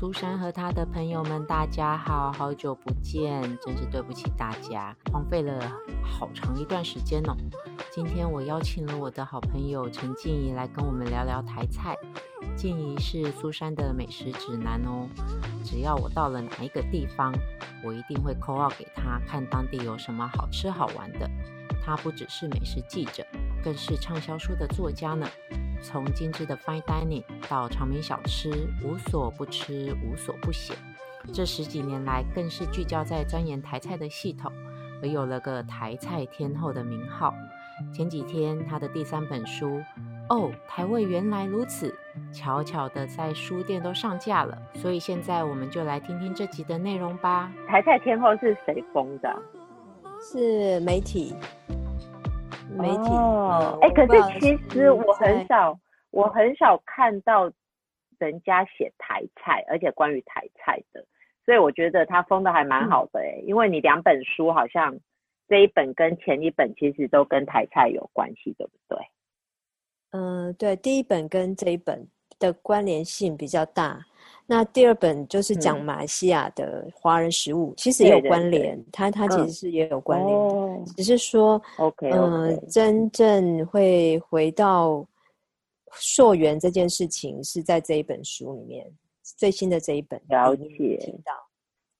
蘇珊和他的朋友們，大家好，好久不見，真是對不起大家，荒廢了好長一段時間哦。今天我邀請了我的好朋友陳靜宜來跟我們聊聊台菜。靜宜是蘇珊的美食指南哦，只要我到了哪一個地方，我一定會扣號給她看當地有什麼好吃好玩的。她不只是美食記者，更是暢銷書的作家呢。從精緻的 fine dining 到常民小吃，無所不吃，無所不寫。這十幾年來，更是聚焦在鑽研台菜的系統，而有了個台菜天後的名號。前幾天，他的第三本書《哦，台味原來如此》悄悄的在書店都上架了。所以現在我們就來聽聽這集的內容吧。台菜天后是誰封的？是媒體。媒體哎，可是其實我很少，嗯、我很少看到人家寫台菜，嗯、而且關於台菜的，所以我覺得他封得還蠻好的、欸嗯、因為你兩本書好像這一本跟前一本其實都跟台菜有關係對不對？嗯，對，第一本跟這一本的關聯性比較大。那第二本就是講馬來西亞的華人食物，嗯、其實也有關聯。對對對它它其實是也有關聯的、嗯、只是說，哦、嗯，okay, okay, 真正會回到溯源這件事情是在這一本書裡面、嗯、最新的這一本了解。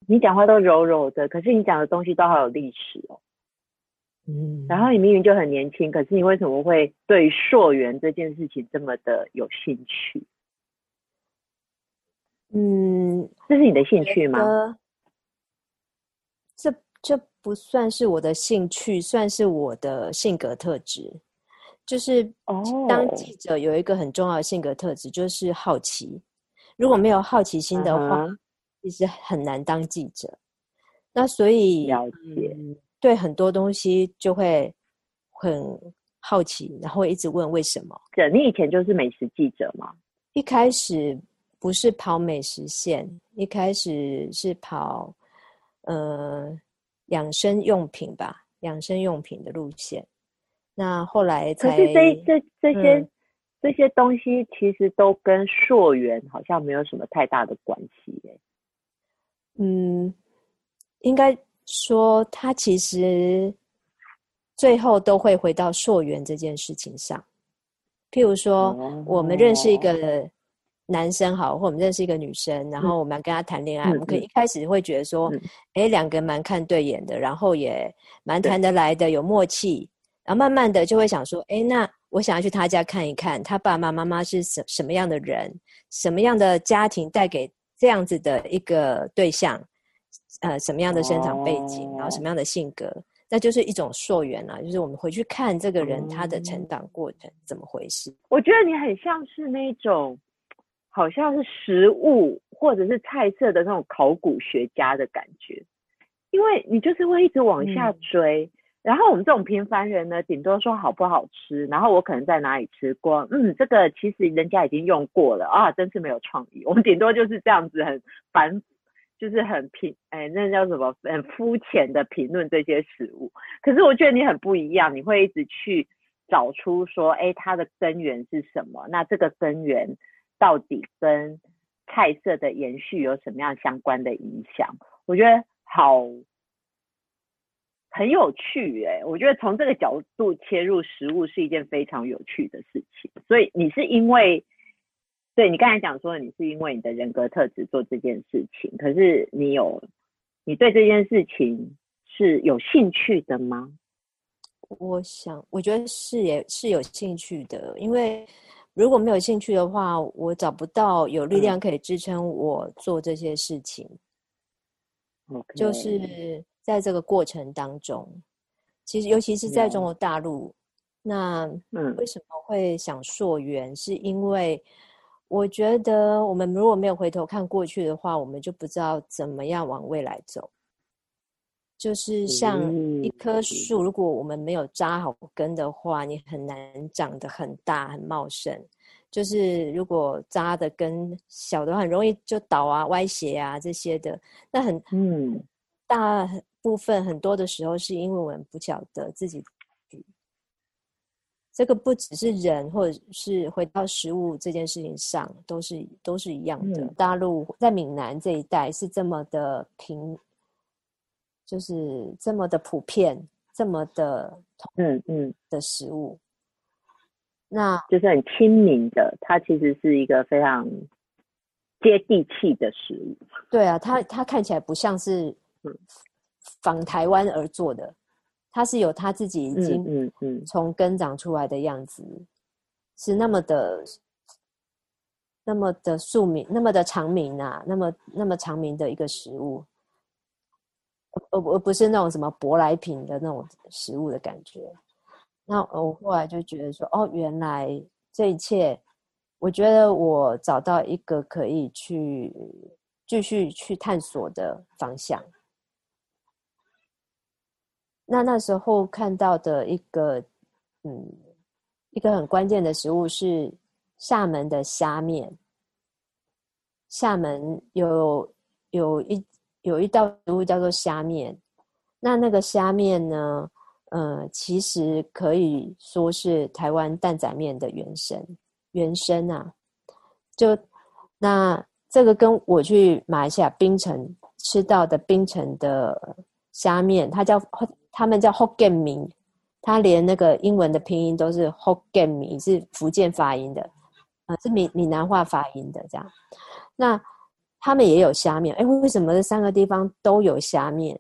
你講話都柔柔的，可是你講的東西都好有歷史哦。嗯，然後你明明就很年輕，可是你為什麼會對溯源這件事情這麼的有興趣？嗯，這是你的興趣嗎？呃、這這不算是我的興趣，算是我的性格特質。就是，當記者有一個很重要的性格特質，就是好奇。如果沒有好奇心的話，Uh-huh. 其實很難當記者。那所以了解，嗯、對很多東西就會很好奇，然後一直問為什麼。對，你以前就是美食記者嗎？一開始。不是跑美食線，一開始是跑，呃，養生用品吧，養生用品的路線。那後來才，可是這、嗯、這這些這些東西，其實都跟溯源好像沒有什麼太大的關係誒。嗯，應該說，它其實最後都會回到溯源這件事情上。譬如說，嗯、我們認識一個。男生好，或我們認識一個女生，然後我們要跟她談戀愛，嗯、我們可以一開始會覺得說，哎、嗯欸，兩個蠻看對眼的，然後也蠻談得來的，嗯、有默契，然後慢慢的就會想說，哎、欸，那我想要去他家看一看，他爸爸媽，媽媽是什什麼樣的人，什麼樣的家庭帶給這樣子的一個對象，呃，什麼樣的生長背景，哦、然後什麼樣的性格，那就是一種溯源啦，就是我們回去看這個人、哦、他的成長過程怎麼回事。我覺得你很像是那種。好像是食物或者是菜色的那種考古學家的感覺，因為你就是會一直往下追。然後我們這種平凡人呢，頂多說好不好吃，然後我可能在哪裡吃過，嗯，這個其實人家已經用過了啊，真是沒有創意。我們頂多就是這樣子，很反，就是很平。哎，那叫什麼？很膚淺的評論這些食物。可是我覺得你很不一樣，你會一直去找出說，哎，它的根源是什麼？那這個根源。到底跟菜色的延續有什麼樣相關的影響？我覺得好，很有趣哎、欸，我覺得從這個角度切入食物是一件非常有趣的事情。所以你是因為對你剛才講說，你是因為你的人格特質做這件事情，可是你有你對這件事情是有興趣的嗎？我想，我覺得是也是有興趣的，因為。如果沒有興趣的話，我找不到有力量可以支撐我做這些事情。嗯 okay. 就是在這個過程當中，其實尤其是在中國大陸，那嗯，那為什麼會想溯源？嗯。是因為我覺得我們如果沒有回頭看過去的話，我們就不知道怎麼樣往未來走。就是像一棵樹，如果我們沒有紮好根的話，你很難長得很大很茂盛。就是如果紮的根小的話，很容易就倒啊、歪斜啊這些的。那很嗯，大部分很多的時候是因為我們不曉得自己。這個不只是人，或者是回到食物這件事情上，都是都是一樣的。大陸在閩南這一帶是這麼的平。就是這麼的普遍，這麼的嗯嗯的食物，嗯嗯、那就是很親民的。它其實是一個非常接地氣的食物。對啊，它它看起來不像是仿台灣而做的，它是有它自己已經嗯嗯從根長出來的樣子，嗯嗯嗯、是那麼的那麼的庶民，那麼的常民啊，那麼那麼常民的一個食物。呃不不是那種什麼舶來品的那種食物的感覺，那我後來就覺得說，哦，原來這一切，我覺得我找到一個可以去繼續去探索的方向。那那時候看到的一個，嗯，一個很關鍵的食物是廈門的蝦麵。廈門有有一。有一道食物叫做蝦麵，那那個蝦麵呢？呃，其實可以說是台灣擔仔麵的原生原生啊，就那這個跟我去馬來西亞檳城吃到的檳城的蝦麵，它叫他們叫 Hokkien 米，它連那個英文的拼音都是 Hokkien 米，是福建發音的，呃，是閩閩南話發音的這樣。那他們也有蝦麵，哎，為什麼這三個地方都有蝦麵？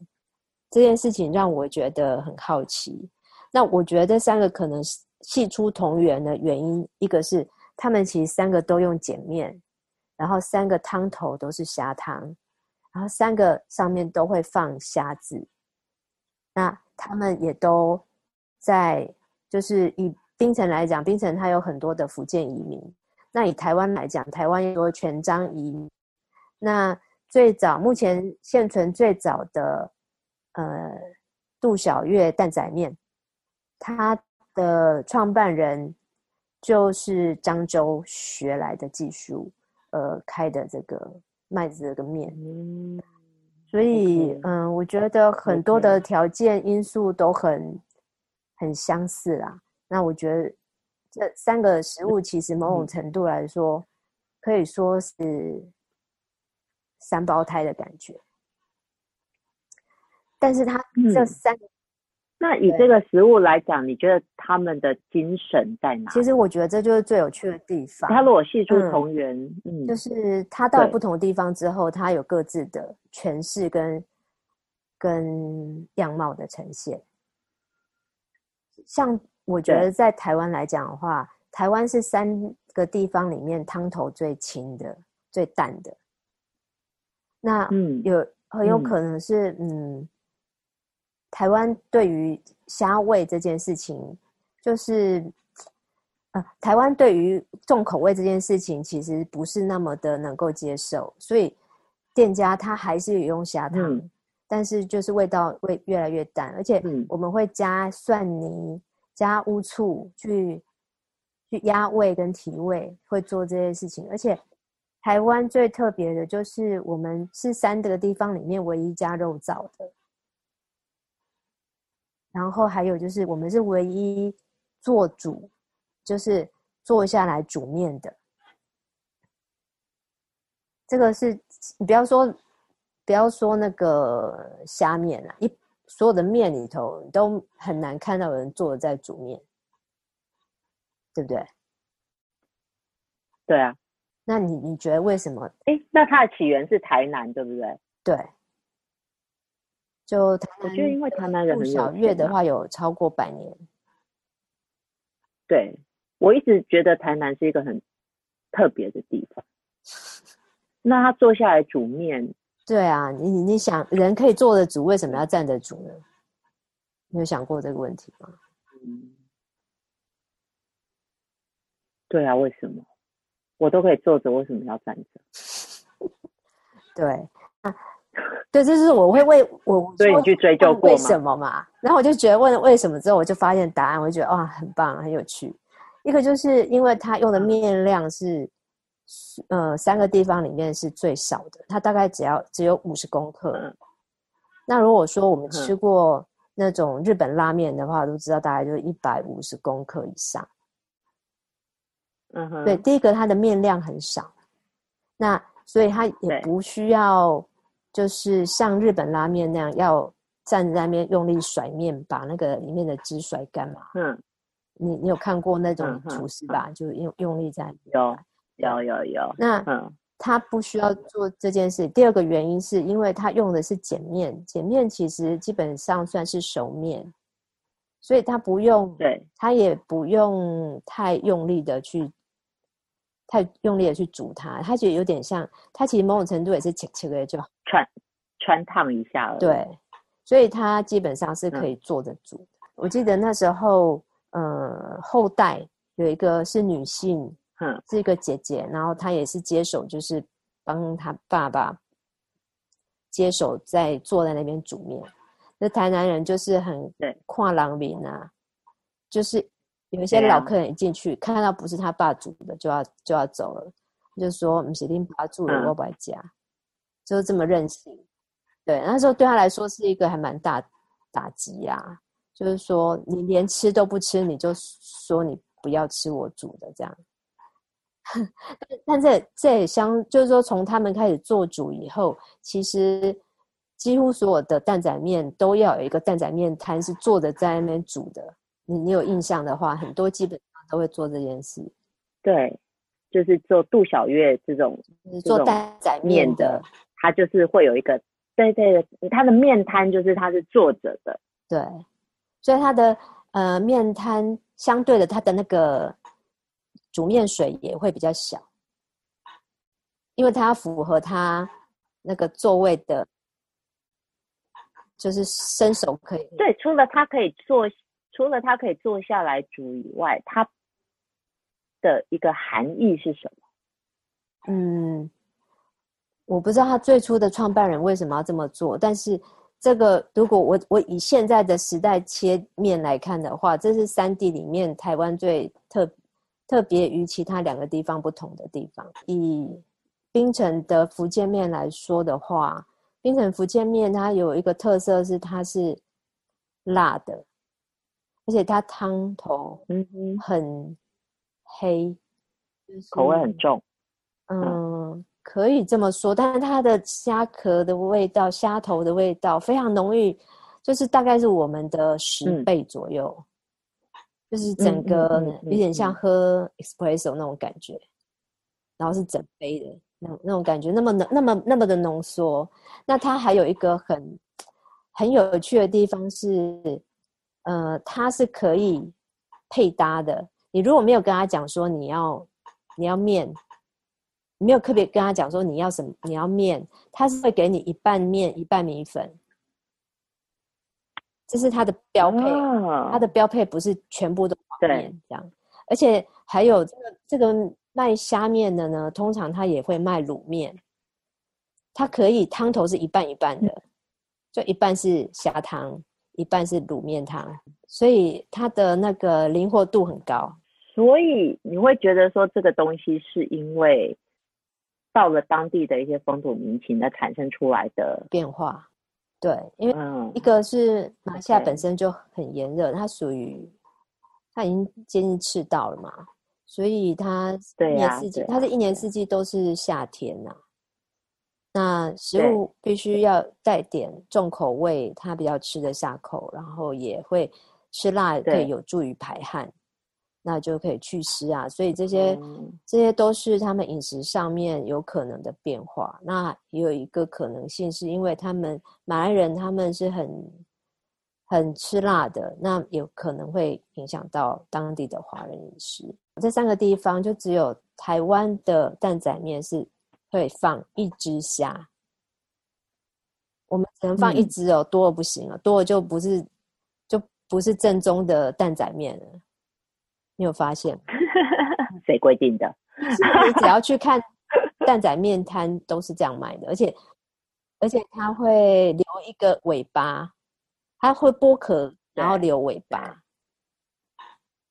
這件事情讓我覺得很好奇。那我覺得這三個可能是系出同源的原因，一個是他們其實三個都用鹼麵，然後三個湯頭都是蝦湯，然後三個上面都會放蝦子。那他們也都在，就是以檳城來講，檳城它有很多的福建移民；那以台灣來講，台灣也有泉漳移民。那最早，目前現存最早的，呃，度小月擔仔麵，他的創辦人就是漳州學來的技術，呃，開的這個麥子這個麵，Okay. 所以嗯、呃，我覺得很多的條件 Okay. 因素都很很相似啦。那我覺得這三個食物其實某種程度來說、嗯、可以說是。三胞胎的感覺，但是他這三，那以這個食物來講，你覺得他們的精神在哪？其實我覺得這就是最有趣的地方。他如果系出同源，嗯，就是他到不同地方之後，他有各自的詮釋跟跟樣貌的呈現。像我覺得在台灣來講的話，台灣是三個地方裡面湯頭最清的、最淡的。那嗯有很有可能是，嗯，嗯，嗯，臺灣對於蝦味這件事情，就是，呃，臺灣對於重口味這件事情其實不是那麼的能夠接受，所以店家他還是有用蝦湯，嗯、但是就是味道會越來越淡，而且我們會加蒜泥、加烏醋去去壓味跟提味，會做這些事情，而且。台灣最特別的就是我們是三德地方裡面唯一加肉燥的，然後還有就是我們是唯一做煮，就是坐下來煮麵的。這個是你不要說，不要說那個蝦麵啊，一所有的麵裡頭都很難看到有人坐在煮麵，對不對？對啊。那你你覺得為什麼？哎、欸，那它的起源是台南，對不對？對，就我覺得因為台南人很、啊、小月的話有超過百年。對，我一直覺得台南是一個很特別的地方。 那他坐下來煮麵？對啊，你你想人可以坐着煮，為什麼要站着煮呢？你有想過這個問題嗎？嗯，對啊，為什麼？我都可以坐着，為什麼要站着？對，啊，對，就是我會為我，對我去追究為什麼嘛？然後我就覺得問為什麼之後，我就發現答案，我就覺得哇，很棒，很有趣。一個就是因為它用的麵量是，呃，三個地方裡面是最少的，它大概只要只有五十公克。那如果說我們吃過那種日本拉面的話，都知道大概就是一百五十公克以上。嗯哼，對，第一個它的麵量很少，那所以它也不需要，就是像日本拉麵那樣要站在那邊用力甩麵，把那個裡面的汁甩乾嘛。嗯哼，你你有看過那種廚師吧？嗯嗯、就用用力在有有有有。有有有那嗯哼，他不需要做這件事。第二個原因是因為他用的是鹼麵，鹼麵其實基本上算是熟麵，所以他不用，對，他也不用太用力的去。太用力的去煮它，它就有點像，它其實某種程度也是切切就穿穿燙一下了。對，所以它基本上是可以坐着煮。嗯、我記得那時候，呃，後代有一個是女性，嗯，是一個姐姐，嗯、然後她也是接手，就是幫她爸爸接手，在坐在那邊煮麵。那台南人就是很跨欄麵啊，嗯、就是。有一些老客人一進去看到不是他爸煮的，就要就要走了，就說唔是林爸煮的我不來家、嗯、就是這麼任性。對，那時候對他來說是一個還蠻大打擊呀、啊，就是說你連吃都不吃，你就說你不要吃我煮的這樣。但 但這這也相就是說從他們開始做主以後，其實幾乎所有的擔仔麵都要有一個擔仔麵攤是坐着在那邊煮的。你，你有印象的話，很多基本上都會做這件事。對，就是做度小月這種就是做擔仔麵的，他就是會有一個對對他的、的麵攤就是他是坐着的，對，所以他的呃麵攤相對的他的那個煮麵水也會比較小，因為他符合他那個座位的，就是伸手可以。對，除了他可以做。除了他可以坐下來煮以外，他的一個含義是什麼？嗯，我不知道他最初的創辦人為什麼要這麼做。但是這個，如果我我以現在的時代切面來看的話，這是三地裡面台灣最特特別與其他兩個地方不同的地方。以檳城的福建麵來說的話，檳城福建麵它有一個特色是它是辣的。而且它湯頭，很黑，嗯、所以口味很重，嗯，嗯，可以這麼說。但是它的蝦殼的味道、蝦頭的味道非常濃郁，就是大概是我們的十倍左右，嗯、就是整個有點像喝 espresso 那種感覺，嗯嗯嗯嗯、然後是整杯的那那種感覺，那麼那麼那麼，那麼的濃縮。那它還有一個很很有趣的地方是。呃，它是可以配搭的。你如果沒有跟他講說你要你要麵，你沒有特別跟他講說你要什麼，你要麵，他是會給你一半麵一半米粉，這是他的標配。他、哦、的標配不是全部都是麵這樣，對而且還有這個這個賣蝦麵的呢，通常他也會賣滷麵，它可以湯頭是一半一半的，就一半是蝦湯。一半是滷麵湯，所以它的那個靈活度很高。所以你會覺得說，這個東西是因為到了當地的一些風土民情，它產生出來的變化。對，因為一個是馬來西亞本身就很炎熱，嗯、它屬於它已經接近赤道了嘛，所以它一年四季，啊啊、它是一年四季都是夏天嘛，啊。那食物必須要帶點重口味，他比較吃得下口，然後也會吃辣，對，有助於排汗，對那就可以祛濕啊。所以這些、嗯、這些都是他們飲食上面有可能的變化。那也有一個可能性，是因為他們馬來人他們是很很吃辣的，那有可能會影響到當地的華人飲食。這三個地方就只有台灣的擔仔麵是。會放一隻蝦，我們只能放一隻哦，嗯、多的不行了，哦，多了就不是就不是正宗的擔仔麵了。你有發現？誰規定的？你只要去看擔仔麵攤都是這樣賣的， 而且而且它會留一個尾巴，它會剝殼，然後留尾巴。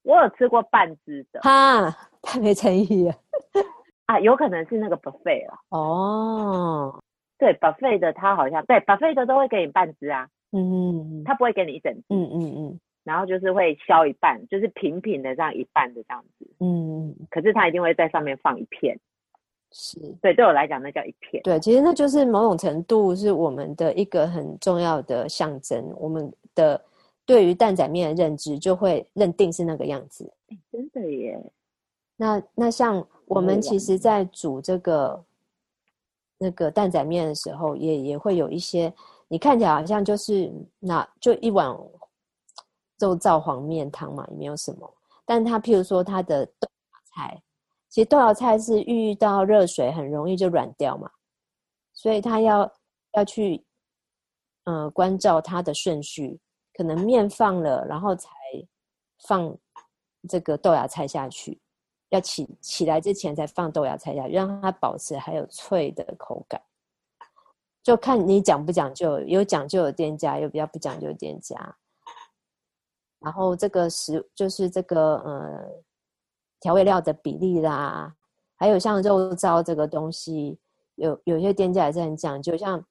我有吃過半隻的，哈，太沒誠意了。 啊，有可能是那個 buffet 了。哦、oh.，對，buffet 的它好像，對，buffet 的都會給你半隻啊。嗯、mm。Hmm. 它不會給你一整支。嗯嗯嗯。Hmm. 然後就是會削一半，就是平平的這樣一半的這樣子。嗯、mm hmm. 可是它一定會在上面放一片。是。對，對我來講，那叫一片。對，其實那就是某種程度是我們的一個很重要的象徵。我們的對於擔仔麵的認知，就會認定是那個樣子。欸、真的耶。那那像我們其實，在煮這個那個蛋仔麵的時候也，也也會有一些，你看起來好像就是那就一碗肉燥黃麵湯嘛，也沒有什麼。但他譬如說他的豆芽菜，其實豆芽菜是遇到熱水很容易就軟掉嘛，所以他要要去嗯、呃、關照它的順序，可能麵放了，然後才放這個豆芽菜下去。要起起來之前才放豆芽菜下去，讓它保持還有脆的口感。就看你講不講究，有講究的店家，有比較不講究的店家。然後這個食就是這個嗯、呃、調味料的比例啦，還有像肉燥這個東西，有有些店家也是很講究，像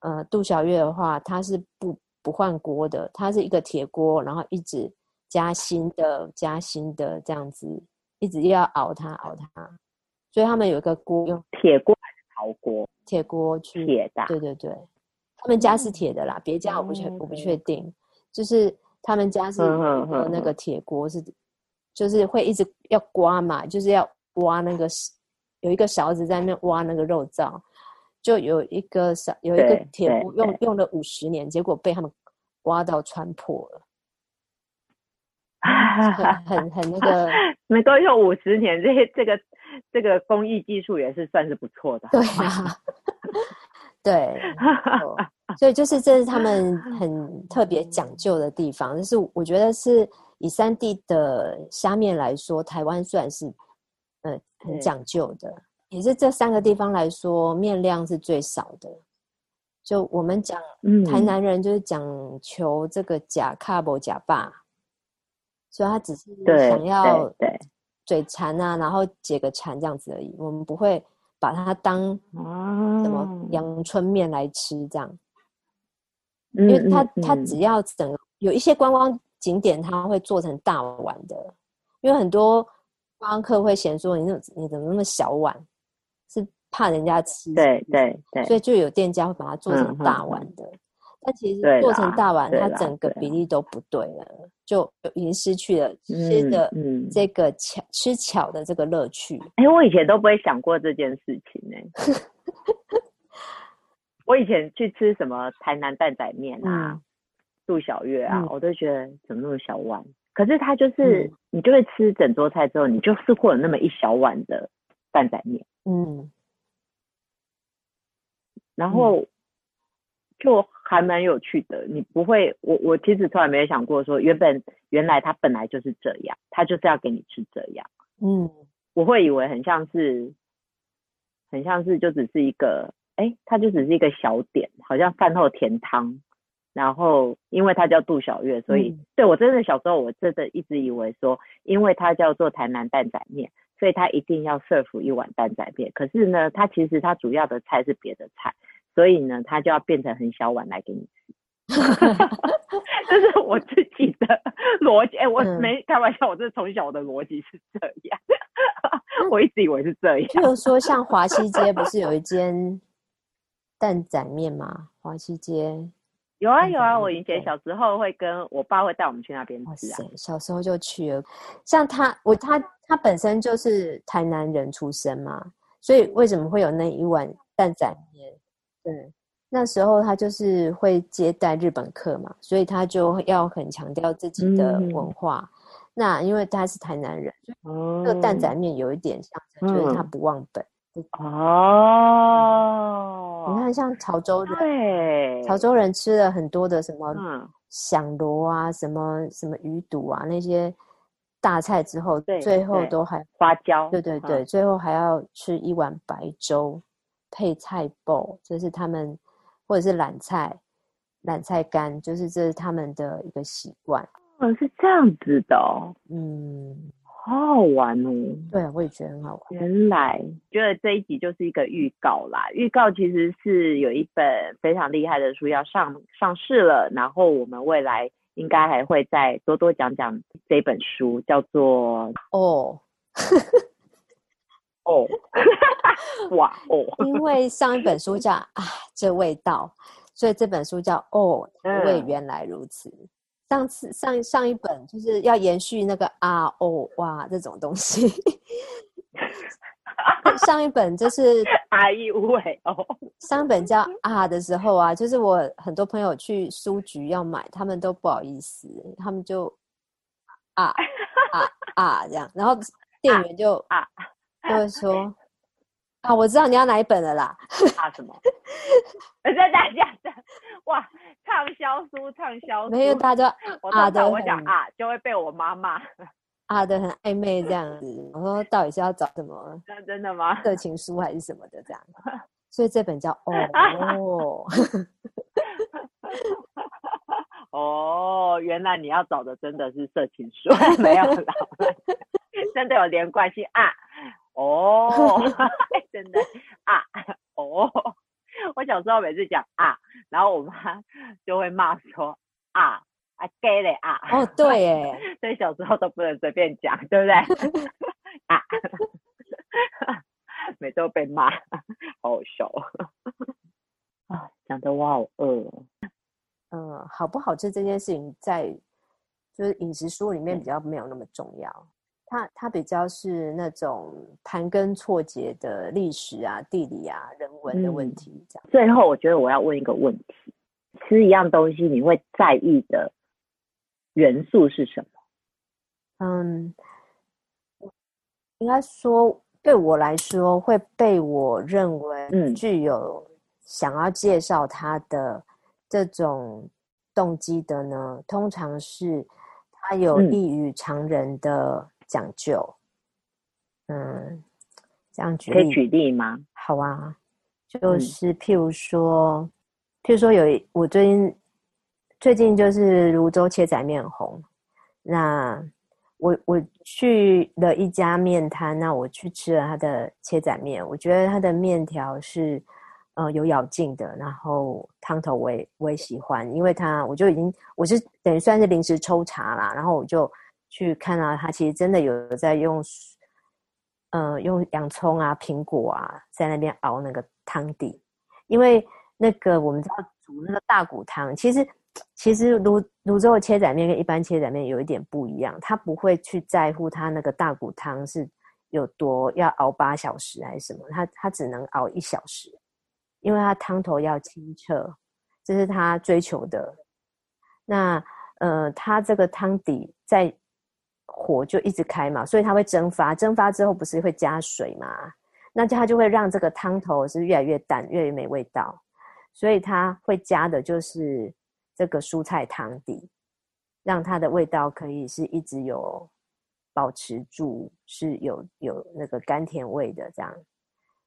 呃度小月的話，它是不不換鍋的，它是一個鐵鍋，然後一直加新的加新的這樣子。一直要熬它，熬它，所以他們有一個鍋，用鐵鍋還是陶鍋？鐵鍋，去鐵的。對對對，他們家是鐵的啦，別家、嗯、我不確，我不確定。嗯、就是他們家是那個鐵鍋、嗯嗯嗯、是，就是會一直要刮嘛，就是要挖那個，有一個勺子在那挖那個肉燥，就有一個勺，有一個鐵鍋用用，用了五十年，結果被他們挖到穿破了， 很很那個。 能夠用五十年，這些這個這個工藝技術也是算是不錯的。對啊， 對， 所以就是這是他們很特別講究的地方，嗯、就是我覺得是以三地的蝦麵來說，台灣算是嗯很講究的，對也是這三個地方來說，麵量是最少的。就我們講，嗯，台南人就是講求這個假卡不假霸。所以他只是想要嘴饞啊，然後解個饞這樣子而已。我們不會把它當什麼陽春麵來吃這樣，嗯、因為他、嗯、他只要整個有一些觀光景點，他會做成大碗的，因為很多觀光客會嫌說你怎你怎麼那麼小碗，是怕人家吃。對對對，對對，所以就有店家會把它做成大碗的，嗯、但其實做成大碗，它整個比例都不對了。就已經失去了，嗯、吃的這個巧，嗯、這個，吃巧的這個樂趣。哎，欸，我以前都不會想過這件事情呢，欸。 我以前去吃什麼台南擔仔麵啊，嗯、度小月啊，我都覺得怎麼那麼小碗？嗯、可是它就是，嗯、你就會吃整桌菜之後，你就是會有那麼一小碗的擔仔麵。嗯，然後。嗯就還蠻有趣的，你不會，我我其實從來沒有想過說原，原本原來他本來就是這樣，他就是要給你吃這樣，嗯，我會以為很像是，很像是就只是一個，誒、欸、他就只是一個小點，好像飯後甜湯，然後因為他叫度小月，所以、嗯、對我真的小時候我真的一直以為說，因為他叫做台南擔仔麵，所以他一定要 serve 一碗擔仔麵，可是呢，他其實他主要的菜是別的菜。所以呢，他就要變成很小碗來給你吃，這 是我自己的邏輯。哎、欸，我沒、嗯、開玩笑，我這從小的邏輯是這樣。 我一直以為是這樣。就是、嗯、說，像華西街不是有一間蛋仔麵嗎？華西街有啊有啊，有啊嗯，我以前小時候會跟我爸會帶我們去那邊吃啊。哦塞。小時候就去了。像他，我他他本身就是台南人出生嘛，所以為什麼會有那一碗蛋仔麵？對，那時候他就是會接待日本客嘛，所以他就要很強調自己的文化。那因為他是台南人，所以那個擔仔麵有一點像，就是他不忘本。哦，你看像潮州人，潮州人吃了很多的什麼響螺啊，什麼什麼魚肚啊那些大菜之後，最後都還花椒。對對對，最後還要吃一碗白粥。配菜脯，就是他們，或者是懶菜，懶菜乾，就是這是他們的一個習慣。哦，是這樣子的哦。嗯，好好玩哦。對，我也覺得很好玩。原來，覺得這一集就是一個預告啦。預告其實是有一本非常厲害的書要上上市了，然後我們未來應該還會再多多講講這本書，叫做……哦。Oh. 哦，oh. 哇哦！Oh. 因為上一本書叫啊，這味道，所以這本書叫哦，臺味原來如此。嗯、上次上上一本就是要延續那個啊哦哇這種東西， 上一本就是哎呦喂哦， 上一本叫啊的時候啊，就是我很多朋友去書局要買，他們都不好意思，他們就啊啊啊這樣，然後店員就 啊。啊就說：“啊，啊，我知道你要哪一本了啦。 ”怕、啊、什麼？我在大家的哇暢銷書，暢銷書沒有大家啊的我，我啊都講啊就會被我媽罵啊的很曖昧這樣子。我說是、嗯、到底是要找什麼？真的嗎？色情書還是什麼的這樣？所以這本叫 哦 哦，原來你要找的真的是色情書， 沒有啦。真的有連貫性啊！哦、 欸，真的啊！哦，我小時候每次講啊，然後我媽就會罵說啊啊，給的啊！啊哦，對耶，哎， 所以小時候都不能隨便講，對不對？ 啊，每次都被罵，好好笑啊！講 得我好餓、哦，嗯，好不好吃這件事情在，在就是飲食書裡面比較沒有那麼重要。嗯他他比較是那種盤根錯節的歷史啊、地理啊、人文的問題這樣，嗯。最後，我覺得我要問一個問題：吃一樣東西，你會在意的元素是什麼？嗯，應該說對我來說，會被我認為具有想要介紹他的這種動機的呢，通常是他有異於常人的、嗯。講究，嗯，這樣舉可以舉例嗎？好啊，就是譬如說，嗯、譬如說有一我最近最近就是蘆洲切仔面紅，那我我去了一家面攤，那我去吃了他的切仔麵，我覺得他的麵條是呃有咬勁的，然後湯頭我也我也喜歡，因為他我就已經我是等於算是臨時抽查啦，然後我就。去看啊，他其實真的有在用，嗯、呃，用洋蔥啊、蘋果啊，在那邊熬那個湯底。因為那個我們知道煮那個大骨湯，其實其實蘆蘆洲的切仔麵跟一般切仔麵有一點不一樣，他不會去在乎他那個大骨湯是有多要熬八小時還是什麼，他他只能熬一小時，因為他湯頭要清澈，這是他追求的。那呃，他這個湯底在。火就一直開嘛，所以它會蒸發，蒸發之後不是會加水嘛？那就它就會讓這個湯頭是越來越淡，越來越沒味道。所以它會加的就是這個蔬菜湯底，讓它的味道可以是一直有保持住，是有有那個甘甜味的這樣。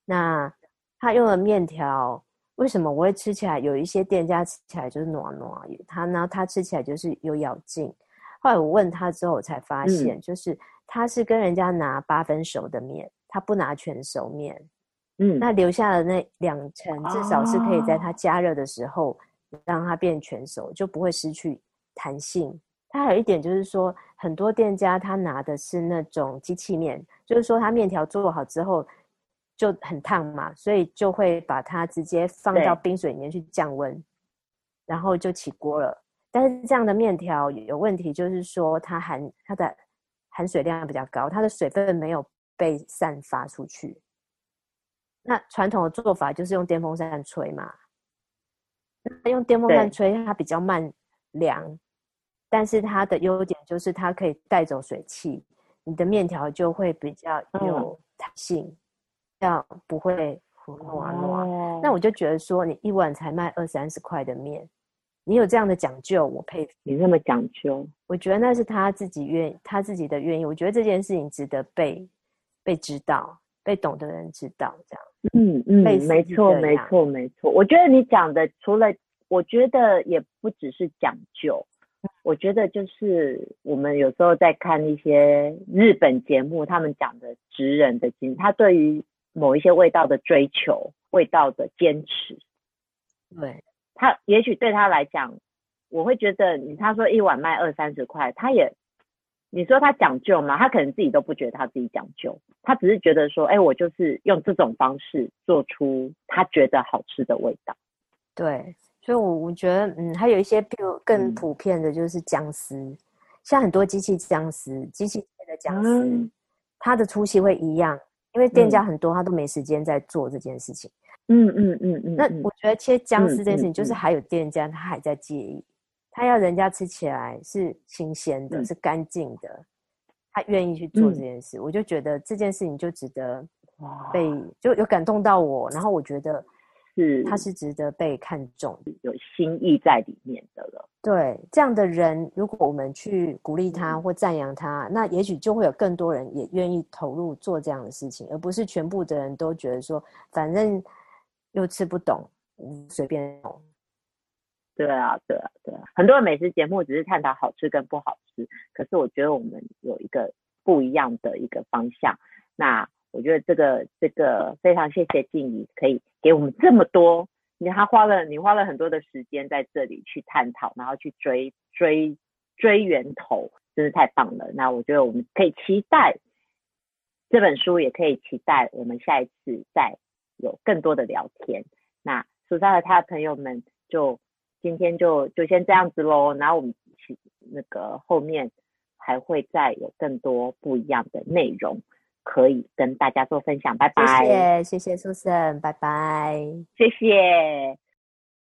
那它用的麵條為什麼我會吃起來有一些店家吃起來就是軟軟，它然呢它吃起來就是有咬勁。後來我問他之後，我才發現，就是他是跟人家拿八分熟的麵，嗯、他不拿全熟麵。嗯，那留下的那兩成，至少是可以在他加熱的時候，讓它變全熟，哦、就不會失去彈性。他還有一點就是說，很多店家他拿的是那種機器麵，就是說他麵條做好之後就很燙嘛，所以就會把它直接放到冰水裡面去降溫，對然後就起鍋了。但是這樣的麵條有問題，就是說它含它的含水量比較高，它的水分沒有被散發出去。那傳統的做法就是用電風扇吹嘛。那用電風扇吹它比較慢涼，對但是它的優點就是它可以帶走水汽，你的麵條就會比較有彈性，要、嗯、不會糊弄啊。嗯、那我就覺得說，你一碗才賣二三十塊的麵。你有這樣的講究，我佩服你那麼講究。我覺得那是他自己願他自己的願意。我覺得這件事情值得被、嗯、被知道，被懂的人知道。這樣，嗯嗯，沒錯沒錯沒錯。我覺得你講的，除了我覺得也不只是講究，我覺得就是我們有時候在看一些日本節目，他們講的職人的經，他對於某一些味道的追求、味道的堅持，對。他也許對他來講，我會覺得他說一碗賣二三十塊，他也，你說他講究嗎？他可能自己都不覺得他自己講究，他只是覺得說，哎、欸，我就是用這種方式做出他覺得好吃的味道。對，所以我，我我覺得，嗯，還有一些，比如更普遍的就是薑絲，嗯、像很多機器薑絲，機器切的薑絲，嗯、它的粗細會一樣，因為店家很多，他、嗯、都沒時間在做這件事情。嗯嗯嗯嗯，嗯嗯嗯，那我覺得切薑絲這件事情，就是還有店家、嗯嗯嗯、他還在介意，他要人家吃起來是新鮮的，嗯、是乾淨的，他願意去做這件事，嗯、我就覺得這件事情就值得被哇就有感動到我，然後我覺得，是，他是值得被看重，有心意在裡面的了。對，這樣的人如果我們去鼓勵他或讚揚他，嗯、那也許就會有更多人也願意投入做這樣的事情，而不是全部的人都覺得說，反正。又吃不懂，隨便懂。對啊，對啊，對啊。很多的美食節目只是探討好吃跟不好吃，可是我覺得我們有一個不一樣的一個方向。那我覺得這個這個非常謝謝靜宜，可以給我們這麼多。你看他花了，你花了很多的時間在這裡去探討，然後去追追追源頭，真是太棒了。那我覺得我們可以期待這本書，也可以期待我們下一次再。有更多的聊天，那蘇珊和她的朋友們就今天就就先這樣子嘍，然後我們去那個後面還會再有更多不一樣的內容可以跟大家做分享，謝謝拜拜，謝謝謝謝蘇珊，拜拜，謝謝。